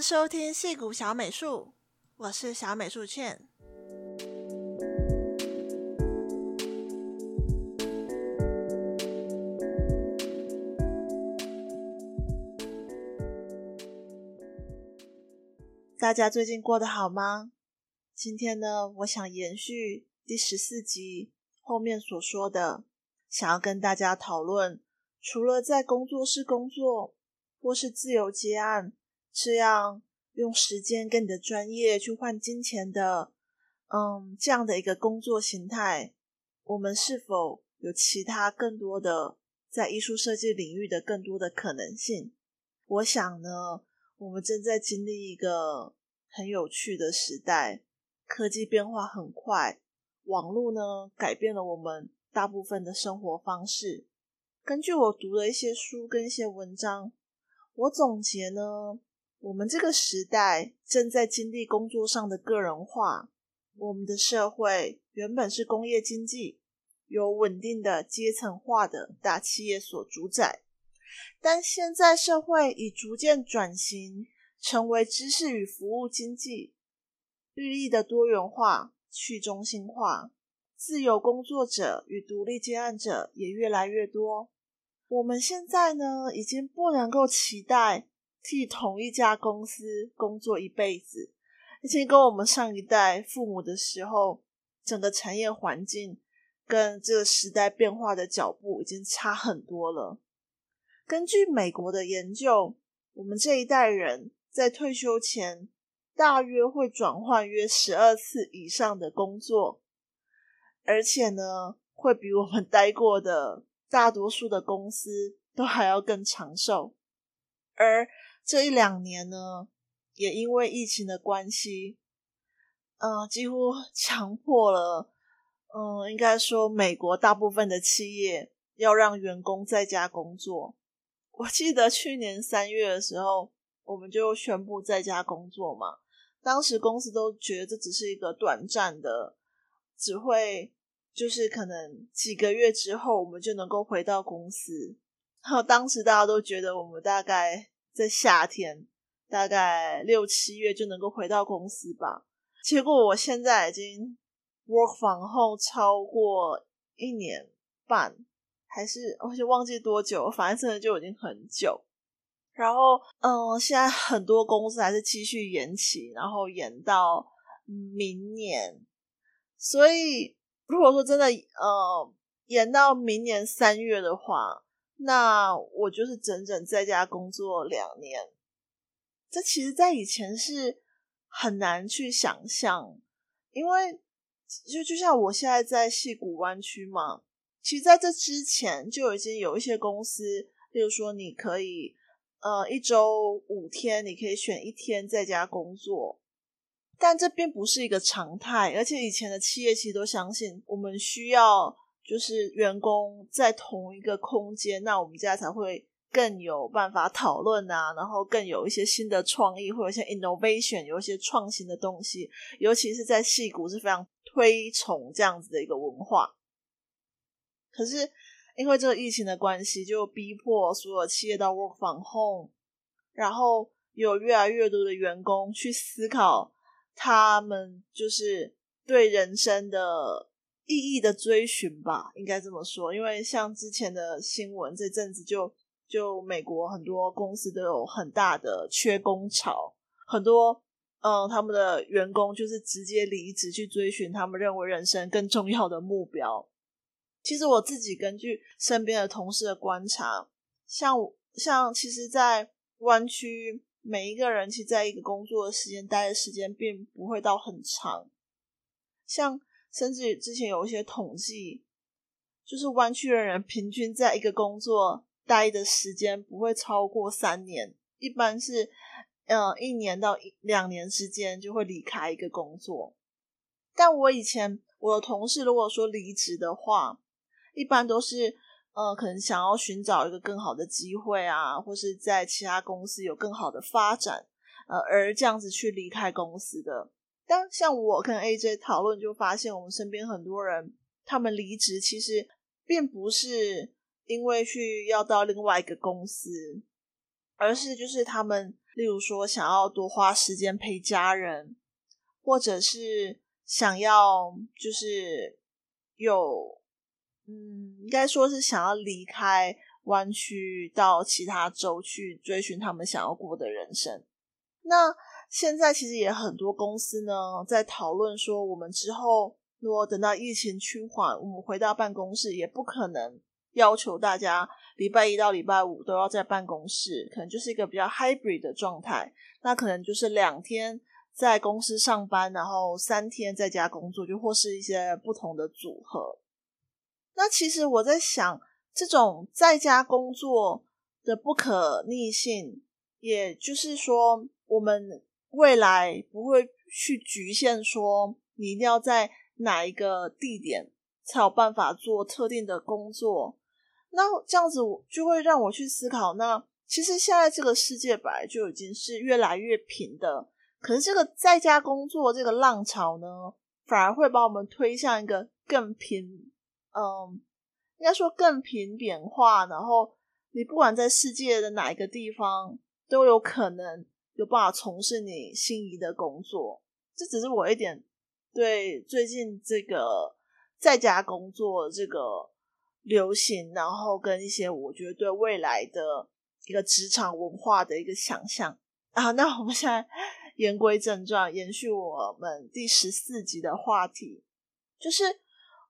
收聽矽谷小美術，我是小美術簡。大家最近過得好嗎？今天呢，我想延續第十四集後面所說的，想要跟大家討論，除了在工作室工作或是自由接案。這樣用時間跟你的專業去換金錢的，嗯，這樣的一個工作形態，我們是否有其他更多的在藝術設計領域的更多的可能性？我想呢，我們正在經歷一個很有趣的時代，科技變化很快，網絡呢，改變了我們大部分的生活方式。根據我讀的一些書跟一些文章，我總結呢。我們這個時代正在經歷工作上的個人化。我們的社會原本是工業經濟，由穩定的階層化的大企業所主宰，但現在社會已逐漸轉型，成為知識與服務經濟，日益的多元化、去中心化，自由工作者與獨立接案者也越來越多。我們現在呢，已經不能夠期待。替同一家公司工作一輩子，而且跟我們上一代父母的時候，整個產業環境跟這個時代變化的腳步已經差很多了。根據美國的研究，我們這一代人在退休前大約會轉換約十二次以上的工作，而且呢，會比我們待過的大多數的公司都還要更長壽，而。這一兩年呢，也因為疫情的關係，呃，幾乎強迫了，嗯、呃，應該說美國大部分的企業要讓員工在家工作。我記得去年三月的時候，我們就宣布在家工作嘛。當時公司都覺得這只是一個短暫的，只會就是可能幾個月之後我們就能夠回到公司。然後當時大家都覺得我們大概。在夏天，大概六七月就能夠回到公司吧。結果我現在已經 work from home 超過一年半，還是我就忘記多久，反正真的就已經很久。然後，嗯、呃，現在很多公司還是繼續延期，然後延到明年。所以，如果說真的，呃，延到明年三月的話。那我就是整整在家工作兩年，這其實，在以前是很難去想象，因為就就像我現在在矽谷灣區嘛，其實在這之前就已經有一些公司，例如說你可以，呃，一周五天，你可以選一天在家工作，但這並不是一個常態，而且以前的企業其實都相信我們需要。就是員工在同一個空間，那我們現在才會更有辦法討論啊，然後更有一些新的創意，或者一些 innovation，有一些創新的東西。尤其是在矽谷是非常推崇這樣子的一個文化。可是因為這個疫情的關係，就逼迫所有企業到 work from home，然後有越來越多的員工去思考，他們就是對人生的。意義的追尋吧，應該這麼說。因為像之前的新聞，這陣子就就美國很多公司都有很大的缺工潮，很多嗯，他們的員工就是直接離職去追尋他們認為人生更重要的目標。其實我自己根據身邊的同事的觀察，像像其實在，在灣區每一個人其實在一個工作的時間待的時間並不會到很長，像。甚至於之前有一些統計，就是灣區的人平均在一個工作待的時間不會超過三年，一般是，呃，一年到一兩年之間就會離開一個工作。但我以前我的同事如果說離職的話，一般都是，呃，可能想要尋找一個更好的機會啊，或是在其他公司有更好的發展，呃，而這樣子去離開公司的。但像我跟 AJ 討論，就發現我們身邊很多人，他們離職其實並不是因為去要到另外一個公司，而是就是他們，例如說想要多花時間陪家人，或者是想要就是有，嗯，應該說是想要離開灣區到其他州去追尋他們想要過的人生，那，現在其實也很多公司呢，在討論說，我們之後如果等到疫情趨緩，我們回到辦公室，也不可能要求大家禮拜一到禮拜五都要在辦公室，可能就是一個比較 hybrid 的狀態。那可能就是兩天在公司上班，然後三天在家工作，就或是一些不同的組合。那其實我在想，這種在家工作的不可逆性，也就是說我們。未來不會去局限說你一定要在哪一個地點才有辦法做特定的工作，那這樣子就會讓我去思考。那其實現在這個世界本來就已經是越來越平的，可是這個在家工作這個浪潮呢，反而會把我們推向一個更平，嗯，應該說更平扁化。然後你不管在世界的哪一個地方都有可能。有辦法從事你心儀的工作，這只是我一點對最近這個在家工作這個流行，然後跟一些我覺得對未來的一個職場文化的一個想象啊。那我們現在言歸正傳，延續我們第十四集的話題，就是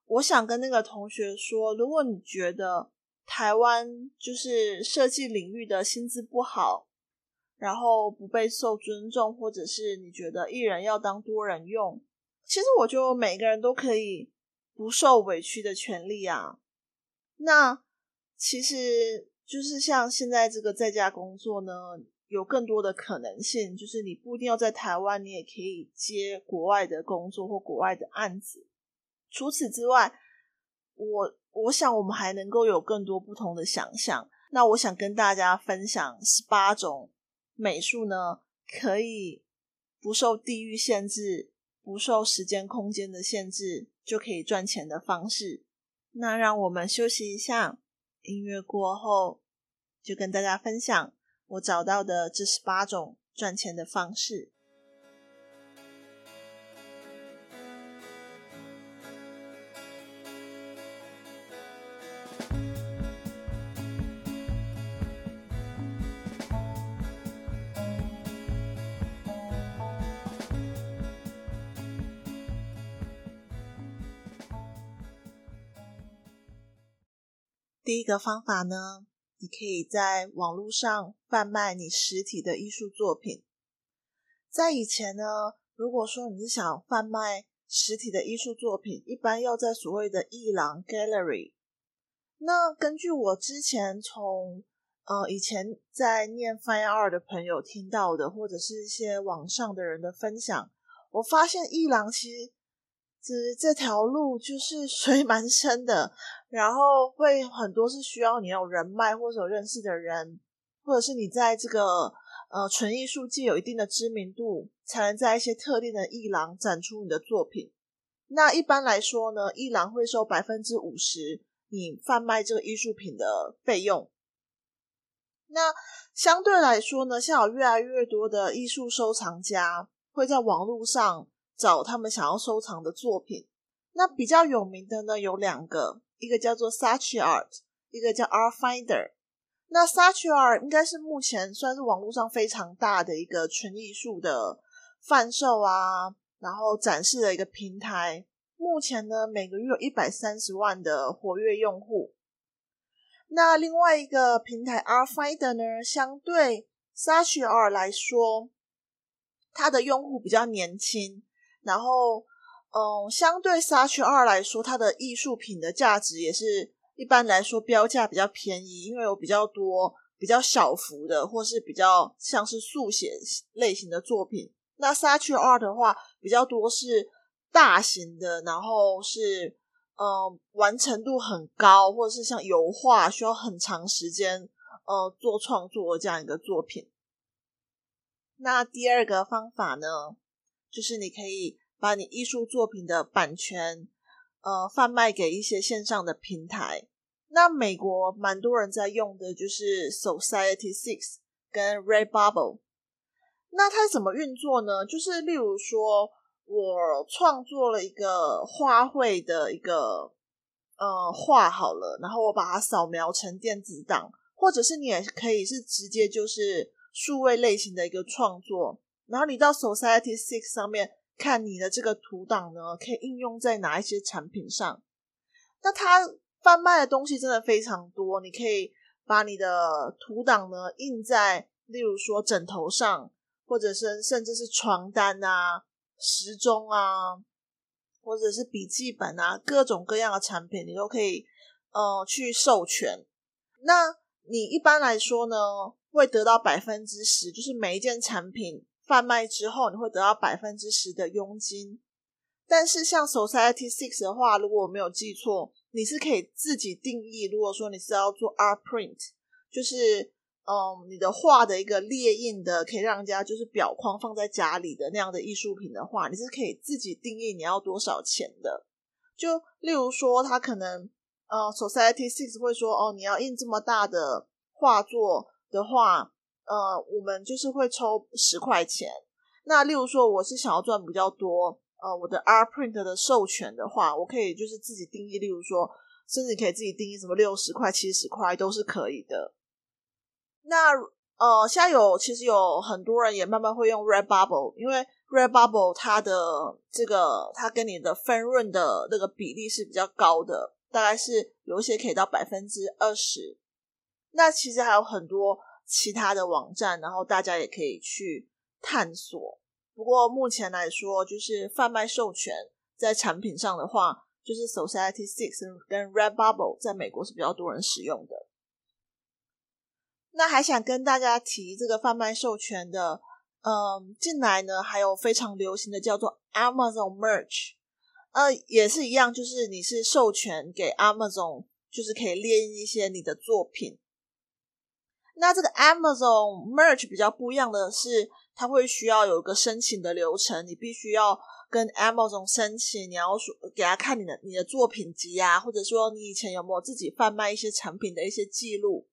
我想跟那個同學說，如果你覺得台灣就是設計領域的薪資不好。然後不被受尊重，或者是你覺得一人要當多人用，其實我覺得我每個人都可以不受委屈的權利啊。那其實就是像現在這個在家工作呢，有更多的可能性，就是你不一定要在台灣，你也可以接國外的工作或國外的案子。除此之外，我我想我們還能夠有更多不同的想象。那我想跟大家分享十八種。美術呢，可以不受地域限制，不受時間空間的限制，就可以賺錢的方式。那讓我們休息一下，音樂過後就跟大家分享我找到的這十八種賺錢的方式。第一個方法呢，你可以在網絡上販賣你實體的藝術作品。在以前呢，如果說你是想販賣實體的藝術作品，一般要在所謂的藝廊 gallery。那根據我之前從呃以前在念 fine art 的朋友聽到的，或者是一些網上的人的分享，我發現藝廊其實，只這條路就是水蠻深的，然後會很多是需要你有人脈或者是有認識的人，或者是你在這個呃純藝術界有一定的知名度，才能在一些特定的藝廊展出你的作品。那一般來說呢，藝廊會收百分之五十你販賣這個藝術品的費用。那相對來說呢，現在越來越多的藝術收藏家會在網絡上找他們想要收藏的作品，那比較有名的呢有兩個，一個叫做 Saatchi Art，一個叫 Artfinder。那 Saatchi Art 應該是目前算是網絡上非常大的一個純藝術的販售啊，然後展示的一個平台。目前呢每個月有一百三十萬的活躍用戶。那另外一個平台 Artfinder 呢，相對 Saatchi Art 來說，它的用戶比較年輕。然後，嗯，相對 Saatchi Art 來說，它的藝術品的價值也是一般來說標價比較便宜，因為有比較多比較小幅的，或是比較像是速寫類型的作品。那 Saatchi Art 的話，比較多是大型的，然後是嗯完成度很高，或者是像油畫需要很長時間呃、嗯、做創作這樣一個作品。那第二個方法呢？就是你可以把你藝術作品的版權，呃，販賣給一些線上的平台。那美國蠻多人在用的就是 Society6 跟 Redbubble。那它怎麼運作呢？就是例如說，我創作了一個花卉的一個，呃，畫好了，然後我把它掃描成電子檔，或者是你也可以是直接就是數位類型的一個創作。然後你到 Society6 上面看你的這個圖檔呢，可以應用在哪一些產品上？那它販賣的東西真的非常多，你可以把你的圖檔呢印在，例如說枕頭上，或者是甚至是床單啊、時鐘啊，或者是筆記本啊，各種各樣的產品你都可以，呃，去授權。那你一般來說呢，會得到百分之十，就是每一件產品，販賣之後，你會得到百分之十的佣金。但是，像 Society Six 的話，如果我沒有記錯，你是可以自己定義。如果說你是要做 Art Print，就是嗯，你的畫的一個列印的，可以讓人家就是裱框放在家裡的那樣的藝術品的話，你是可以自己定義你要多少錢的。就例如說，他可能呃、嗯、Society Six 會說哦，你要印這麼大的畫作的話。呃，我們就是會抽十塊錢。那例如說，我是想要賺比較多，呃，我的 R print 的授權的話，我可以就是自己定義，例如說，甚至你可以自己定義什麼六十塊、七十塊都是可以的。那呃，現在有其實有很多人也慢慢會用 Redbubble，因為 Redbubble 它的這個它跟你的分潤的那個比例是比較高的，大概是有一些可以到百分之二十。那其實還有很多。其他的網站，然後大家也可以去探索。不過目前來說，就是販賣授權在產品上的話，就是 Society6 跟 Redbubble 在美國是比較多人使用的。那還想跟大家提這個販賣授權的，嗯，近來呢還有非常流行的叫做 Amazon Merch，呃，也是一樣，就是你是授權給 Amazon，就是可以列印一些你的作品。那這個 Amazon Merch 比較不一樣的是，它會需要有一個申請的流程，你必須要跟 Amazon 申請，你要說給他看你的你的作品集啊，或者說你以前有沒有自己販賣一些產品的一些記錄。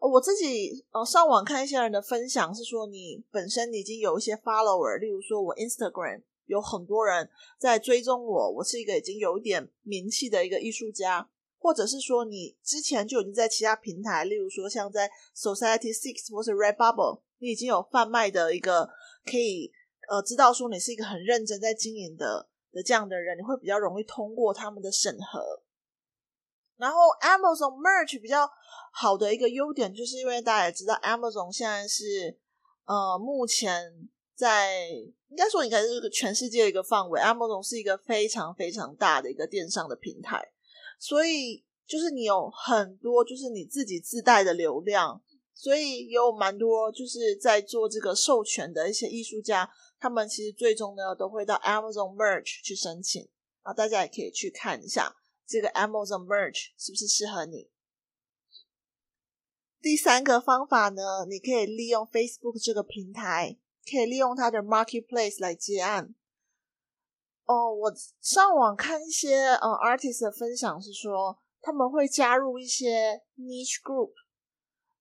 哦、我自己呃上網看一些人的分享，是說你本身你已經有一些 follower，例如說我 Instagram 有很多人在追蹤我，我是一個已經有一點名氣的一個藝術家。或者是說，你之前就已經在其他平台，例如說像在 Society6 或者 Redbubble，你已經有販賣的一個可以呃知道說你是一個很認真在經營的的這樣的人，你會比較容易通過他們的審核。然後 Amazon Merch 比較好的一個優點，就是因為大家也知道 Amazon 現在是呃目前在應該說，應該是全世界的一個範圍，Amazon 是一個非常非常大的一個電商的平台。所以就是你有很多，就是你自己自帶的流量，所以有蠻多就是在做這個授權的一些藝術家，他們其實最終呢都會到 Amazon Merch 去申請啊，大家也可以去看一下這個 Amazon Merch 是不是適合你。第三個方法呢，你可以利用 Facebook 這個平台，可以利用它的 Marketplace 來接案。哦，我上網看一些呃 artist 的分享是說，他們會加入一些 niche group。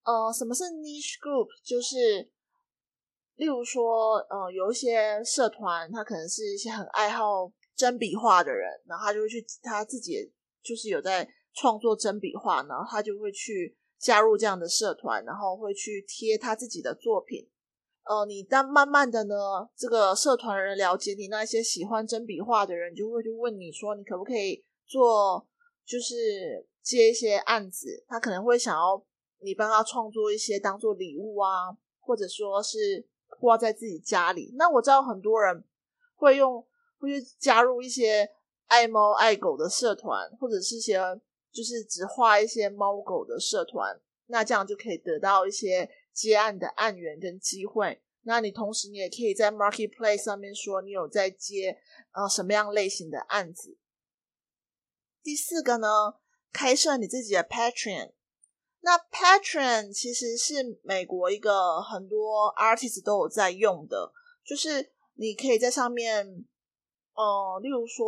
呃，什麼是 niche group？就是例如說，呃，有一些社團，他可能是一些很愛好針筆畫的人，然後他就會去他自己就是有在創作針筆畫，然後他就會去加入這樣的社團，然後會去貼他自己的作品。呃，你但慢慢的呢，這個社團人了解你那些喜歡針筆畫的人，就會去問你說，你可不可以做，就是接一些案子，他可能會想要你幫他創作一些當做禮物啊，或者說是掛在自己家裡。那我知道很多人會用，會去加入一些愛貓愛狗的社團，或者是一些就是只畫一些貓狗的社團，那這樣就可以得到一些。接案的案源跟機會，那你同時你也可以在 Marketplace 上面說你有在接呃什麼樣類型的案子。第四個呢，開設你自己的 Patreon。那 Patreon 其實是美國一個很多 artist 都有在用的，就是你可以在上面，呃，例如說，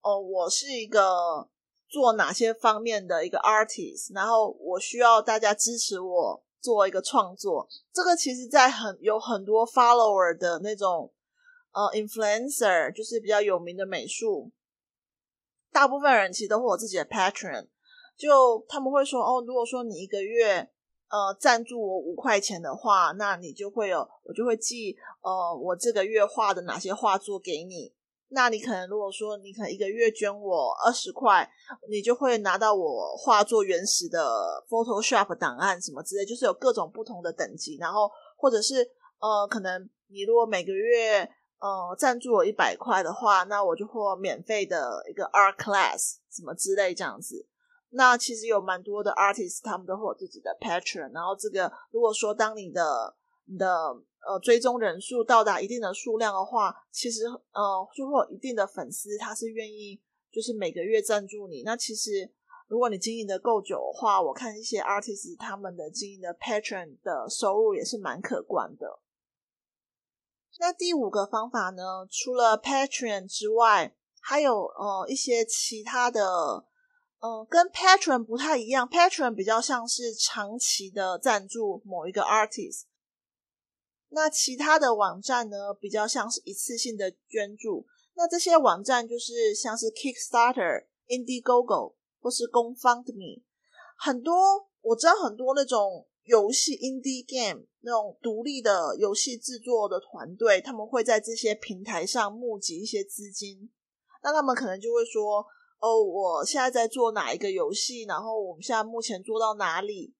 哦、呃，我是一個做哪些方面的一個 artist，然後我需要大家支持我。做一個創作，這個其實在很有很多 follower 的那種呃 influencer，就是比較有名的美術，大部分人其實都會有自己的 patron，就他們會說哦，如果說你一個月呃贊助我五塊錢的話，那你就會有我就會寄呃我這個月畫的哪些畫作給你。那你可能如果說你可能一個月捐我二十塊，你就會拿到我畫作原始的 Photoshop 檔案什麼之類，就是有各種不同的等級。然後或者是呃，可能你如果每個月呃贊助我一百塊的話，那我就會有免費的一個 Art Class 什麼之類這樣子。那其實有蠻多的 Artist 他們都會有自己的 Patreon，然後這個如果說當你的你的呃，追蹤人數到達一定的數量的話，其實呃，就會有一定的粉絲，他是願意就是每個月贊助你。那其實如果你經營的夠久的話，我看一些 artist 他們的經營的 Patreon 的收入也是蠻可觀的。那第五個方法呢，除了 Patreon 之外，還有呃一些其他的，呃，跟 Patreon 不太一樣，Patreon 比較像是長期的贊助某一個 artist。那其他的網站呢，比較像是一次性的捐助。那這些網站就是像是 Kickstarter、Indiegogo 或是 GoFundMe，很多我知道很多那種遊戲 Indie Game 那種獨立的遊戲制作的團隊，他們會在這些平台上募集一些資金。那他們可能就會說：“哦，我現在在做哪一個遊戲？然後我們現在目前做到哪裡？”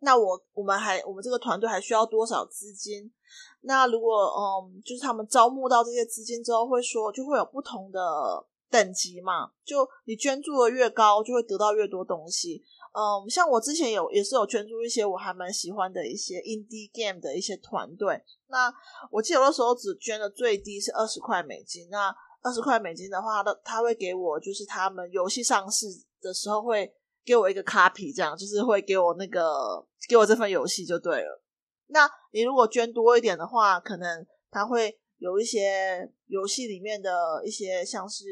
那我我們還我們這個團隊還需要多少資金？那如果嗯，就是他們招募到這些資金之後，會說就會有不同的等級嘛？就你捐助的越高，就會得到越多東西。嗯，像我之前有也是有捐助一些我還蠻喜歡的一些 indie game 的一些團隊。那我記得那時候只捐的最低是二十塊美金。那二十塊美金的話他，他會給我就是他們遊戲上市的時候會，給我一個 copy，這樣就是會給我那個給我這份遊戲就對了。那你如果捐多一點的話，可能他會有一些遊戲裡面的一些，像是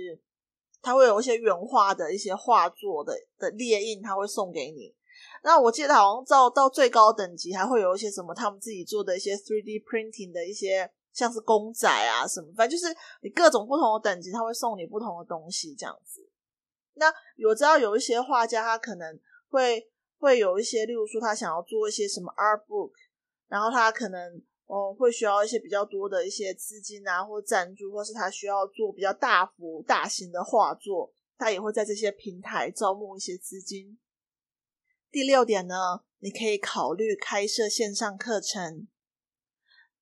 他會有一些原畫的一些畫作的的列印，他會送給你。那我記得好像到到最高等級還會有一些什麼，他們自己做的一些 3D printing 的一些，像是公仔啊什麼，反正就是你各種不同的等級，他會送你不同的東西，這樣子。那我知道有一些畫家，他可能會會有一些，例如說他想要做一些什麼 art book，然後他可能哦、嗯、會需要一些比較多的一些資金啊，或贊助，或是他需要做比較大幅、大型的畫作，他也會在這些平台招募一些資金。第六點呢，你可以考慮開設線上課程。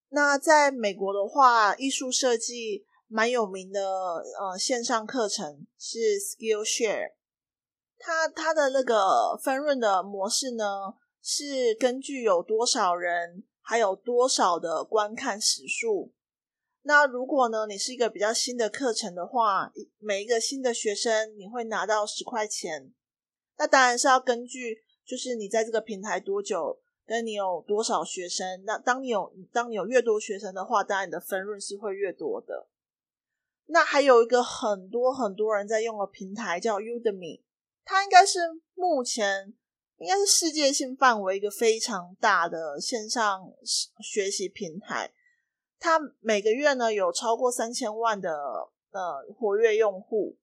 那在美國的話，藝術設計。蠻有名的，呃，線上課程是 Skillshare，它它的那個分潤的模式呢，是根據有多少人，還有多少的觀看時數。那如果呢，你是一個比較新的課程的話，每一個新的學生你會拿到十塊錢。那當然是要根據，就是你在這個平台多久，跟你有多少學生。那當你有當你有越多學生的話，當然你的分潤是會越多的。那還有一個很多很多人在用的平台叫 Udemy，它應該是目前應該是世界性範圍一個非常大的線上學習平台。它每個月呢有超過三千萬的呃活躍用戶。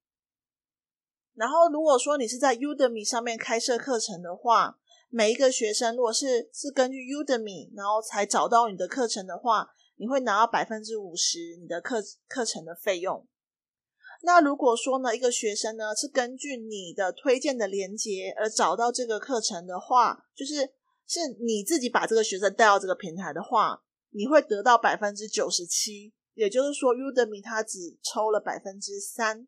然後如果說你是在 Udemy 上面開設課程的話，每一個學生如果是是根據 Udemy 然後才找到你的課程的話，你會拿到百分之五十你的課課程的費用。那如果說呢，一個學生呢是根據你的推薦的連接而找到這個課程的話，就是是你自己把這個學生帶到這個平台的話，你會得到百分之九十七。也就是說，Udemy 它只抽了百分之三。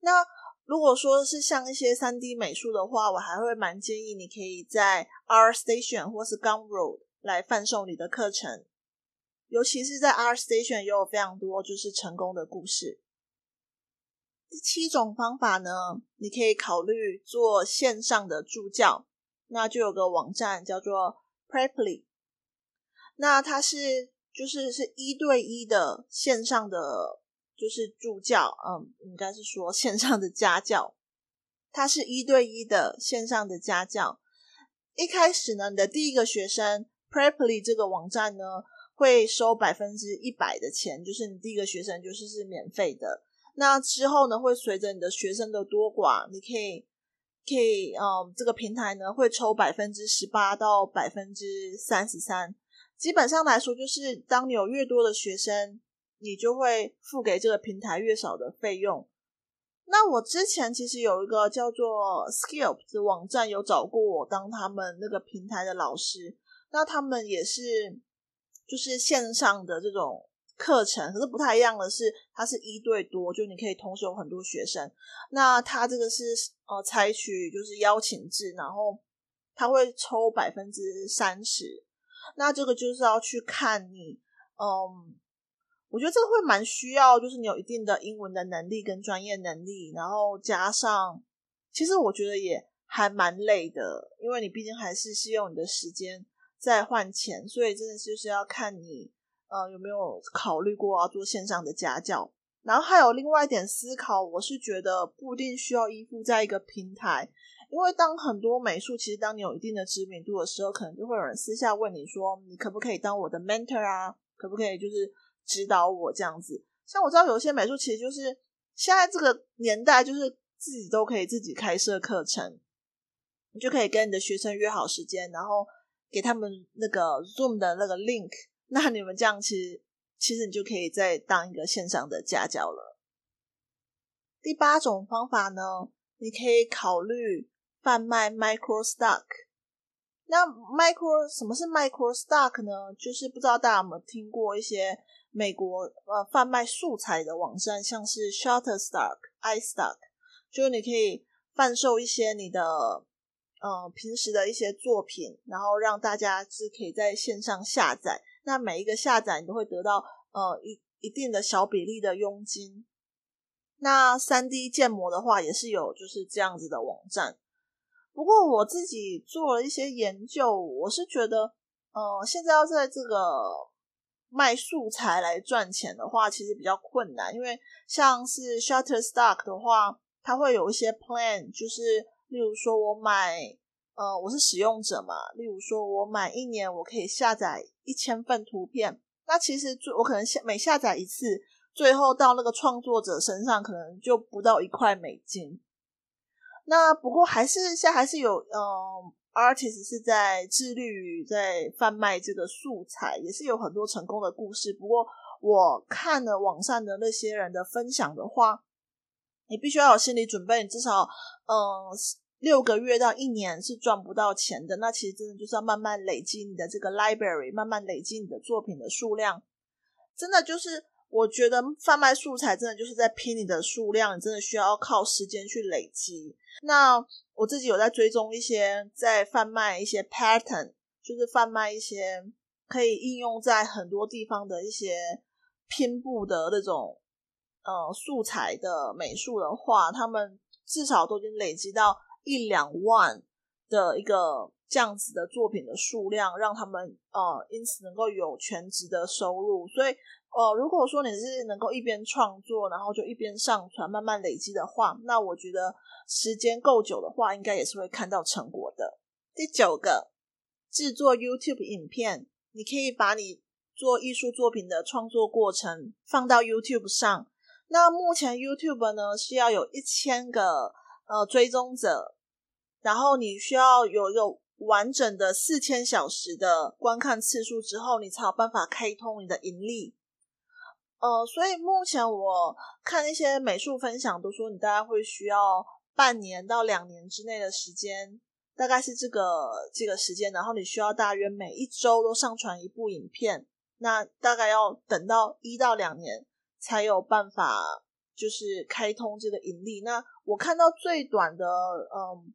那如果說是像一些三 D 美術的話，我還會蠻建議你可以在 ArtStation 或是 Gumroad 來販售你的課程。尤其是在 ArtStation 也有非常多就是成功的故事。第七種方法呢，你可以考慮做線上的助教，那就有個網站叫做 Preply，那它是就是是一對一的線上的就是助教，嗯，應該是說線上的家教，它是一對一的線上的家教。一開始呢，你的第一個學生 Preply 這個網站呢。會收百分之一百的錢，就是你第一個學生就是是免費的。那之後呢，會隨着你的學生的多寡，你可以可以，嗯，這個平台呢會抽百分之十八到百分之三十三。基本上來說，就是當你有越多的學生，你就會付給這個平台越少的費用。那我之前其實有一個叫做 Skills 的網站，有找過我當他們那個平台的老師。那他們也是。就是線上的這種課程，可是不太一樣的是，它是一對多，就你可以同時有很多學生。那它這個是呃，採取就是邀請制，然後他會抽百分之三十。那這個就是要去看你，嗯，我覺得這個會蠻需要，就是你有一定的英文的能力跟專業能力，然後加上，其實我覺得也還蠻累的，因為你畢竟還是是用你的時間。再換錢，所以真的就是要看你，呃，有沒有考慮過要做線上的家教。然後還有另外一點思考，我是覺得不一定需要依附在一個平台，因為當很多美術，其實當你有一定的知名度的時候，可能就會有人私下問你說，你可不可以當我的 mentor 啊?可不可以就是指導我這樣子?像我知道有些美術，其實就是現在這個年代，就是自己都可以自己開設課程，你就可以跟你的學生約好時間，然後。給他們那個 Zoom 的那個 link，那你們這樣其實其實你就可以再當一個線上的家教了。第八種方法呢，你可以考慮販賣 Microstock。那 Micro，什麼是 Microstock 呢？就是不知道大家有沒有聽過一些美國呃販賣素材的網站，像是 Shutterstock、iStock，就你可以販售一些你的。嗯，平時的一些作品，然後讓大家是可以在線上下載。那每一個下載你都會得到呃、嗯、一一定的小比例的佣金。那三 D 建模的話也是有就是這樣子的網站。不過我自己做了一些研究，我是覺得，呃、嗯，現在要在這個賣素材來賺錢的話，其實比較困難，因為像是 Shutterstock 的話，它會有一些 plan，就是。例如說，我買，呃，我是使用者嘛。例如說，我買一年，我可以下載一千份圖片。那其實，最我可能下每下載一次，最後到那個創作者身上，可能就不到一塊美金。那不過還是，現在還是有，嗯、呃、，artist 是在致力於在販賣這個素材，也是有很多成功的故事。不過，我看了網上的那些人的分享的話。你必須要有心理準備，你至少，嗯，六個月到一年是賺不到錢的。那其實真的就是要慢慢累積你的這個 library，慢慢累積你的作品的數量。真的就是，我覺得販賣素材真的就是在拼你的數量，你真的需要靠時間去累積。那我自己有在追蹤一些在販賣一些 pattern，就是販賣一些可以應用在很多地方的一些拼布的那種。呃，素材的美術的話，他們至少都已經累積到一兩萬的一個這樣子的作品的數量，讓他們呃因此能夠有全職的收入。所以呃，如果說你是能夠一邊創作，然後就一邊上傳，慢慢累積的話，那我覺得時間夠久的話，應該也是會看到成果的。第九個，制作 YouTube 影片，你可以把你做藝術作品的創作過程放到 YouTube 上。那目前 YouTube 呢是要有一千個呃追蹤者，然後你需要有一個完整的四千小時的觀看次數之後，你才有辦法開通你的盈利。呃，所以目前我看一些美術分享都說，你大概會需要半年到兩年之內的時間，大概是這個這個時間，然後你需要大約每一周都上傳一部影片，那大概要等到一到兩年。才有辦法，就是開通這個盈利。那我看到最短的，嗯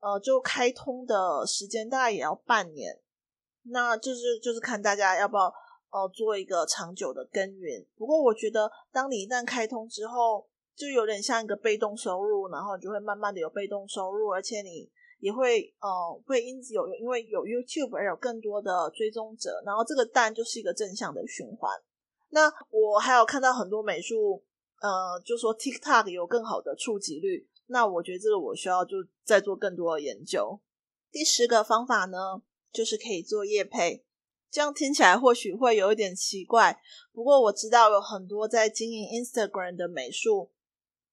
呃，就開通的時間大概也要半年。那就是就是看大家要不要呃做一個長久的耕耘。不過我覺得，當你一旦開通之後，就有點像一個被動收入，然後你就會慢慢的有被動收入，而且你也會呃會因此有因為有 YouTube 而有更多的追蹤者，然後這個當然就是一個正向的循環。那我還有看到很多美術，呃，就說 TikTok 有更好的觸及率。那我覺得這個我需要就再做更多的研究。第十個方法呢，就是可以做業配。這樣聽起來或許會有一點奇怪，不過我知道有很多在經營 Instagram 的美術，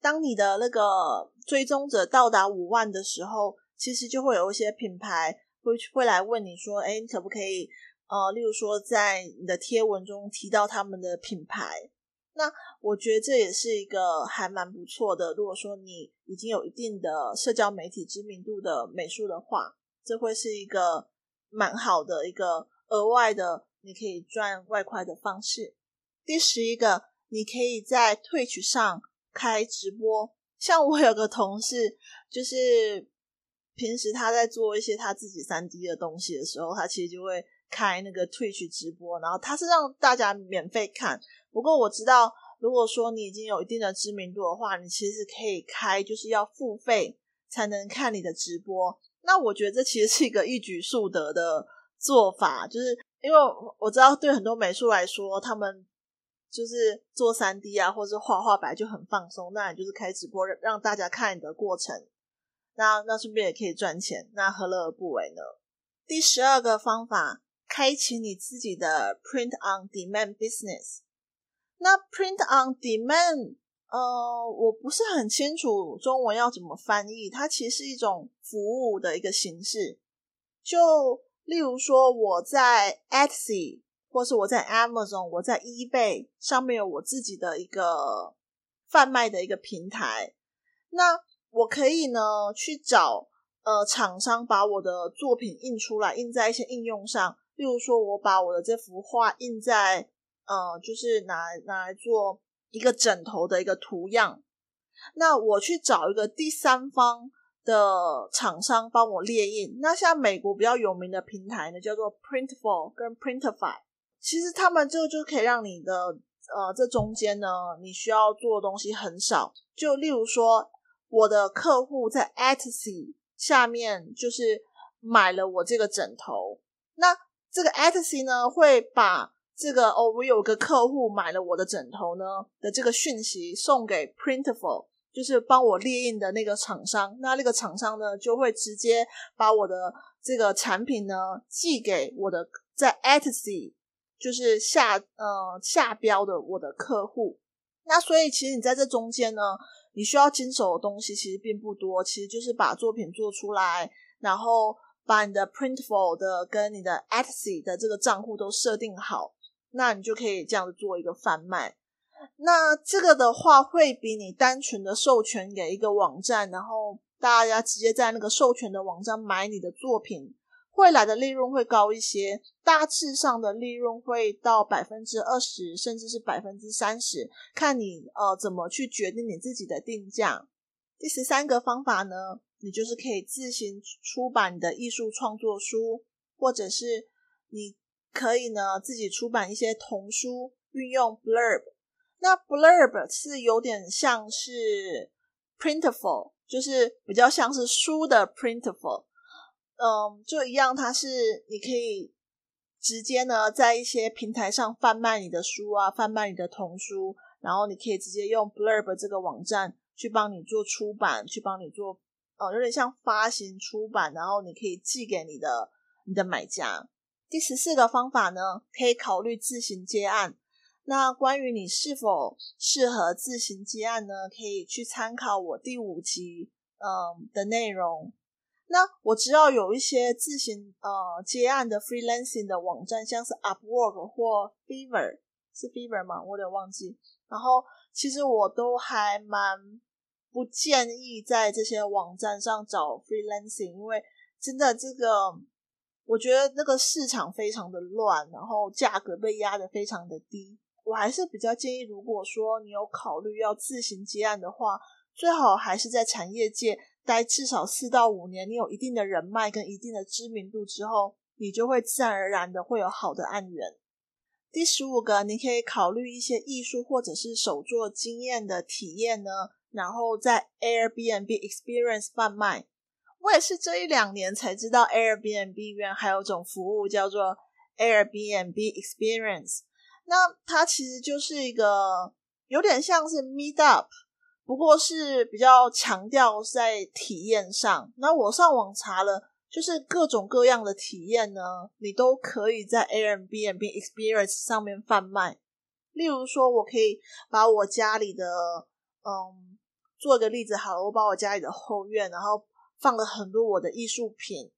當你的那個追蹤者到達五萬的時候，其實就會有一些品牌會會來問你說：“哎，你可不可以？”呃，例如說，在你的貼文中提到他們的品牌，那我覺得這也是一個還蠻不錯的，如果說你已經有一定的社交媒體知名度的美術的話，這會是一個蠻好的一個額外的你可以賺外快的方式。第十一個，你可以在 Twitch 上開直播。像我有個同事，就是平時他在做一些他自己三 D 的東西的時候，他其實就會。開那個 Twitch 直播，然後它是讓大家免費看。不過我知道，如果說你已經有一定的知名度的話，你其實可以開，就是要付費才能看你的直播。那我覺得這其實是一個一舉數得的做法，就是因為我知道對很多美術來說，他們就是做三 D 啊，或是畫畫本來就很放鬆，那你就是開直播，讓大家看你的過程，那那順便也可以賺錢，那何樂而不為呢？第十二個方法。開啟你自己的 print on demand business。那 print on demand，呃，我不是很清楚中文要怎麼翻譯。它其實是一種服務的一個形式。就例如說，我在 Etsy 或是我在 Amazon、我在 eBay 上面有我自己的一個販賣的一個平台。那我可以呢去找呃廠商，把我的作品印出來，印在一些應用上。例如說，我把我的這幅畫印在，呃，就是拿來拿來做一個枕頭的一個圖樣。那我去找一個第三方的廠商幫我列印。那像美國比較有名的平台呢，叫做 Printful 跟 Printify。其實他們就就可以讓你的，呃，這中間呢，你需要做的東西很少。就例如說，我的客戶在 Etsy 下面就是買了我這個枕頭，那，這個 Etsy 呢會把這個哦，我有個客戶買了我的枕頭呢的這個訊息送給 Printful，就是幫我列印的那個廠商。那那個廠商呢就會直接把我的這個產品呢寄給我的在 Etsy 就是下呃下標的我的客戶。那所以其實你在這中間呢，你需要經手的東西其實並不多，其實就是把作品做出來，然後。把你的 Printful 的跟你的 Etsy 的這個賬戶都設定好，那你就可以這樣子做一個販賣。那這個的話，會比你單純的授權給一個網站，然後大家直接在那個授權的網站買你的作品，會來的利潤會高一些。大致上的利潤會到百分之二十，甚至是百分之三十，看你呃怎麼去決定你自己的定價。第十三個方法呢，你就是可以自行出版你的藝術創作書，或者是你可以呢自己出版一些童書，運用 blurb。那 blurb 是有點像是 printful，就是比較像是書的 printful。嗯，就一樣，它是你可以直接呢在一些平台上販賣你的書啊，販賣你的童書，然後你可以直接用 blurb 這個網站去幫你做出版，去幫你做。哦，有點像發行出版，然後你可以寄給你的你的買家。第十四個方法呢，可以考慮自行接案。那關於你是否適合自行接案呢？可以去參考我第五集嗯的內容。那我知道有一些自行呃、嗯、接案的 freelancing 的網站，像是 Upwork 或 Fiverr 是 Fiverr 嗎？我有點忘記。然後其實我都還蠻。不建議在這些網站上找 freelancing，因為真的這個我覺得那個市場非常的亂，然後價格被壓得非常的低。我還是比較建議，如果說你有考慮要自行接案的話，最好還是在產業界待至少四到五年，你有一定的人脈跟一定的知名度之後，你就會自然而然的會有好的案源。第十五個，你可以考慮一些藝術或者是手作經驗的體驗呢。然後在 Airbnb Experience 販賣，我也是這一兩年才知道 Airbnb 裡還有一種服務叫做 Airbnb Experience。那它其實就是一個有點像是 Meetup，不過是比較強調在體驗上。那我上網查了，就是各種各樣的體驗呢，你都可以在 Airbnb Experience 上面販賣。例如說，我可以把我家裡的嗯。做一個例子好了，我把我家裡的後院，然後放了很多我的藝術品，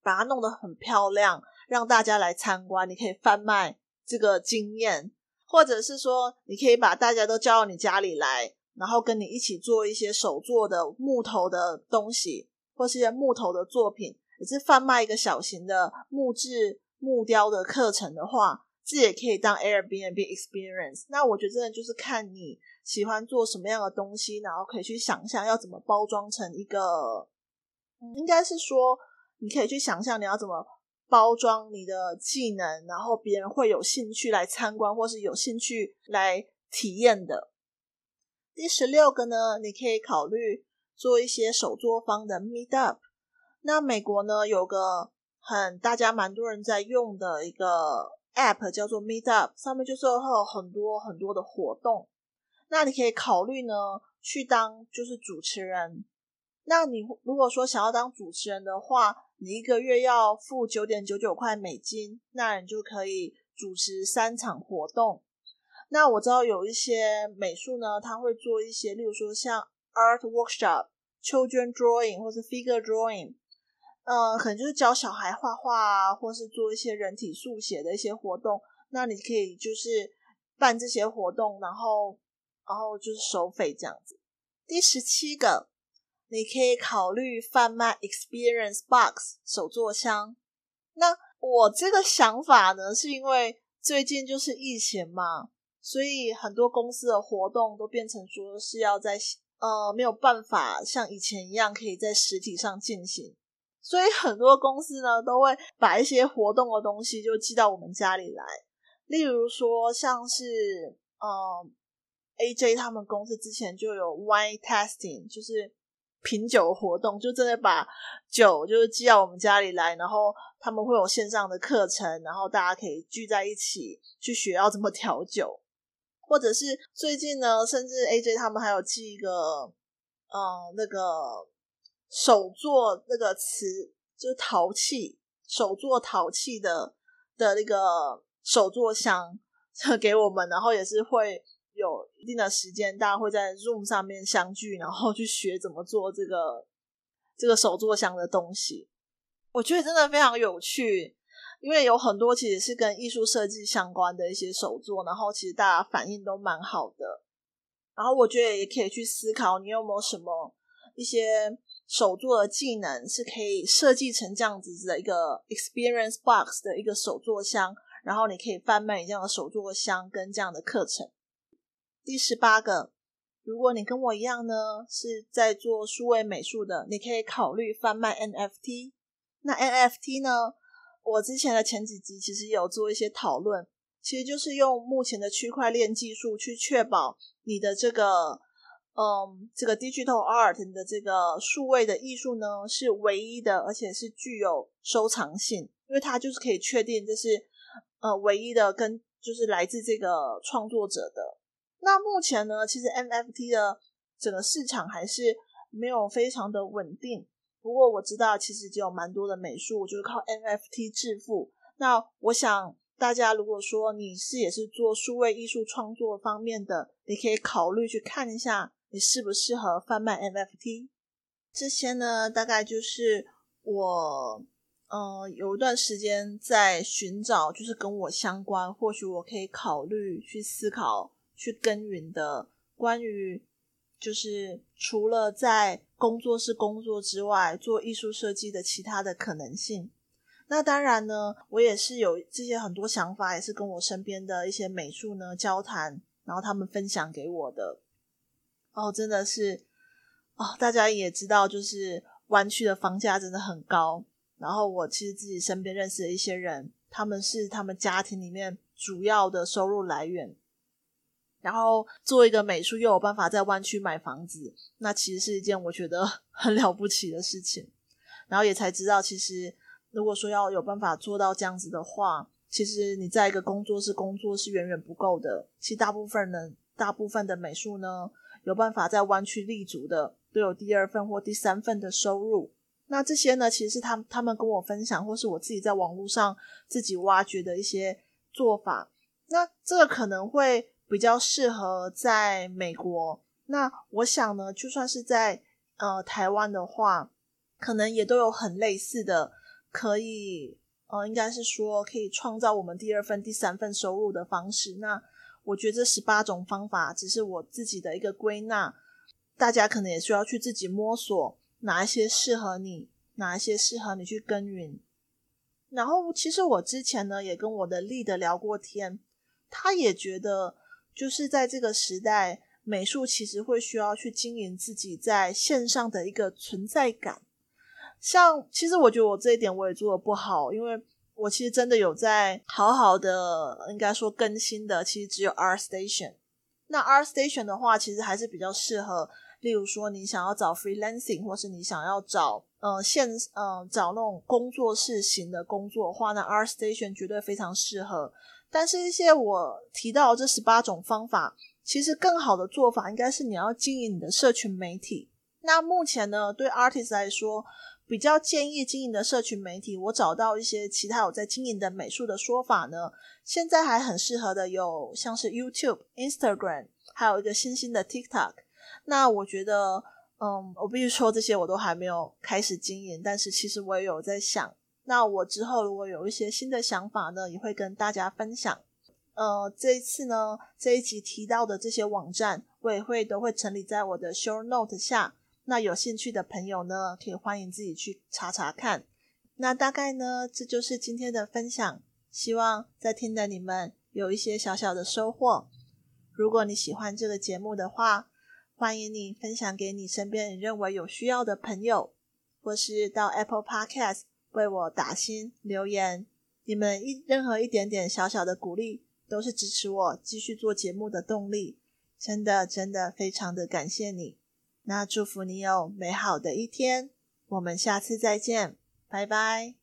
把它弄得很漂亮，讓大家來參觀。你可以販賣這個經驗，或者是說，你可以把大家都叫到你家裡來，然後跟你一起做一些手作的木頭的東西，或是些木頭的作品。也是販賣一個小型的木製木雕的課程的話，這也可以當 Airbnb experience。那我覺得，真的就是看你。喜歡做什麼樣的東西，然後可以去想象要怎麼包裝成一個，應該是說，你可以去想象你要怎麼包裝你的技能，然後別人會有興趣來參觀或是有興趣來體驗的。第十六個呢，你可以考慮做一些手作坊的 Meet Up。那美國呢，有個很大家蠻多人在用的一個 App 叫做 Meet Up，上面就是會有很多很多的活動。那你可以考慮呢，去當就是主持人。那你如果說想要當主持人的話，你一個月要付九點九九塊美金，那你就可以主持三場活動。那我知道有一些美術呢，他會做一些，例如說像 art workshop、children drawing 或者 figure drawing，呃，可能就是教小孩畫畫啊，或是做一些人體速寫的一些活動。那你可以就是辦這些活動，然後。然後就是收費這樣子。第十七個，你可以考慮販賣 experience box 手作箱。那我這個想法呢，是因為最近就是疫情嘛，所以很多公司的活動都變成說是要在，呃，沒有辦法像以前一樣可以在實體上進行，所以很多公司呢都會把一些活動的東西就寄到我們家裡來，例如說像是呃。A J 他們公司之前就有 wine tasting，就是品酒活動，就真的把酒就是寄到我們家裡來，然後他們會有線上的課程，然後大家可以聚在一起去學要怎麼調酒，或者是最近呢，甚至 A J 他們還有寄一個，嗯，那個手做那個瓷，就是陶器手做陶器的的那個手做箱給我們，然後也是會。有一定的時間，大家會在 Zoom 上面相聚，然後去學怎麼做這個這個手作箱的東西。我覺得真的非常有趣，因為有很多其實是跟藝術設計相關的一些手作，然後其實大家反應都蠻好的。然後我覺得也可以去思考，你有沒有什麼一些手作的技能是可以設計成這樣子的一個 Experience Box 的一個手作箱，然後你可以販賣你這樣的手作箱跟這樣的課程。第十八個，如果你跟我一樣呢，是在做數位美術的，你可以考慮販賣 NFT。那 NFT 呢，我之前的前幾集其實有做一些討論，其實就是用目前的區塊鏈技術去確保你的這個，嗯，這個 digital art 你的這個數位的藝術呢是唯一的，而且是具有收藏性，因為它就是可以確定這是呃唯一的跟、跟就是來自這個創作者的。那目前呢，其實 NFT 的整個市場還是沒有非常的穩定。不過我知道，其實就有蠻多的美術就是靠 NFT 致富。那我想大家如果說你是也是做數位藝術創作方面的，你可以考慮去看一下，你適不適合販賣 NFT。這些呢，大概就是我嗯、呃、有一段時間在尋找，就是跟我相關，或許我可以考慮去思考，去耕耘的關於就是除了在工作室工作之外，做藝術設計的其他的可能性。那當然呢，我也是有這些很多想法，也是跟我身邊的一些美術呢交談，然後他們分享給我的。哦，真的是哦，大家也知道，就是灣區的房價真的很高。然後我其實自己身邊認識的一些人，他們是他們家庭裡面主要的收入來源。然後做一個美術又有辦法在灣區買房子，那其實是一件我覺得很了不起的事情。然後也才知道，其實如果說要有辦法做到這樣子的話，其實你在一個工作室工作是遠遠不夠的。其實大部分人，大部分的美術呢，有辦法在灣區立足的，都有第二份或第三份的收入。那這些呢，其實是他他們跟我分享，或是我自己在網絡上自己挖掘的一些做法。那這個可能會。比較適合在美國，那我想呢，就算是在呃台灣的話，可能也都有很類似的可以呃，應該是說可以創造我們第二份、第三份收入的方式。那我覺得這十八種方法只是我自己的一個歸納，大家可能也需要去自己摸索哪一些適合你，哪一些適合你去耕耘。然後其實我之前呢也跟我的 leader 聊過天，他也覺得。就是在這個時代，美術其實會需要去經營自己在線上的一個存在感。像其實我覺得我這一點我也做得不好，因為我其實真的有在好好的，應該說更新的，其實只有 Art Station。那 Art Station 的話，其實還是比較適合，例如說你想要找 freelancing 或是你想要找嗯、呃、線嗯、呃、找那種工作室型的工作的話，那 Art Station 絕對非常適合。但是，一些我提到這十八種方法，其實更好的做法應該是你要經營你的社群媒體。那目前呢，對 artist 來說，比較建議經營的社群媒體，我找到一些其他有在經營的美術的說法呢，現在還很適合的有像是 YouTube、Instagram，還有一個新興的 TikTok。那我覺得，嗯，我必須說這些我都還沒有開始經營，但是其實我也有在想。那我之後如果有一些新的想法呢，也會跟大家分享。呃，這一次呢，這一集提到的這些網站，我也會都會整理在我的 show note 下。那有興趣的朋友呢，可以歡迎自己去查查看。那大概呢，這就是今天的分享。希望在聽的你們有一些小小的收穫。如果你喜歡這個節目的話，歡迎你分享給你身邊你認為有需要的朋友，或是到 Apple Podcast。為我打心留言，你們一任何一點點小小的鼓勵，都是支持我繼續做節目的動力。真的，真的非常的感謝你。那祝福你有美好的一天，我們下次再見，拜拜。